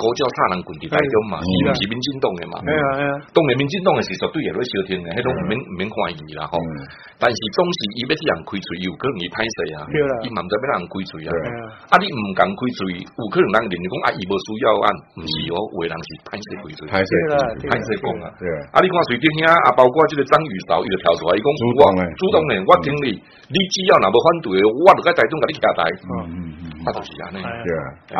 高招殺人棍啲嚟咗嘛，伊毋是民進黨的嘛，嗯嗯、當的民進黨的，時、嗯，就對野佬消停的迄都毋免毋免懷疑啦吼、嗯。但是總是伊要啲人開喙，有可能伊太細啊，伊毋知邊人開喙啊。啊！你毋敢開喙，有可能人連住講啊，伊無需要啊，毋是哦、喔，有的人是太細開喙，太細啦，啦，啦，啦，啦，啦，啊。啊！你看隨便聽啊，包括即係張宇韶，伊就跳出來，伊講，我主動的，我聽你，你只要南邊反對，我喺台中嗰啲騎大。嗯嗯嗯，係啊，啊！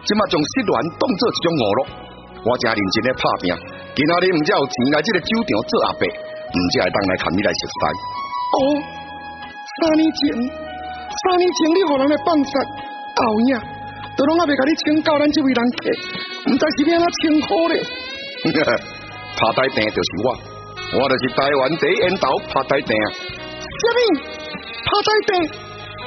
即嘛將失戀當做一種娛樂，我正認真來拍拼。今啊日唔只要錢來這個酒店做阿伯，唔知係當來看你來食飯。哦，三年前，三年前你何人來放殺？導演都攏阿伯甲你請教咱這位郎客，唔再是變阿稱呼咧。哈哈，拍台燈就是我，我就是台灣第一煙頭拍台燈。什麼？拍台燈？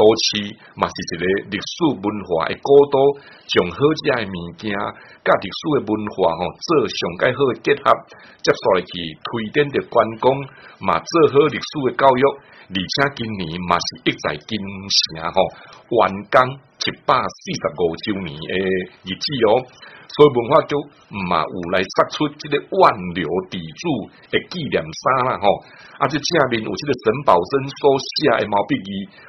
都市嘛是一個歷史文化嘅高度，從好食嘅物件，甲歷史嘅文化哦，做上較好嘅結合。接下來佢推展着觀光，嘛做好歷史嘅教育，而且今年嘛是一再見成吼完工一百四十五周年嘅日子哦，所以文化局嘛有來篩出即個萬流砥柱嘅紀念衫啦，吼！啊！就正面有即個沈寶珍所寫嘅毛筆字。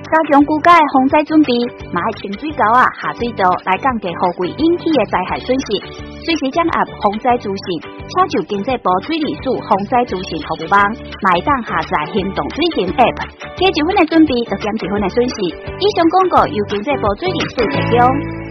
加強固改防災準備，買聽水高啊下水道來降低後會引起嘅災害損失。隨時掌握防災資訊，超就經濟部水利署防災資訊服務網，馬上下載行動最新 app，多一分嘅準備，得減一分嘅損失。以上廣告由經濟部水利署提供。水水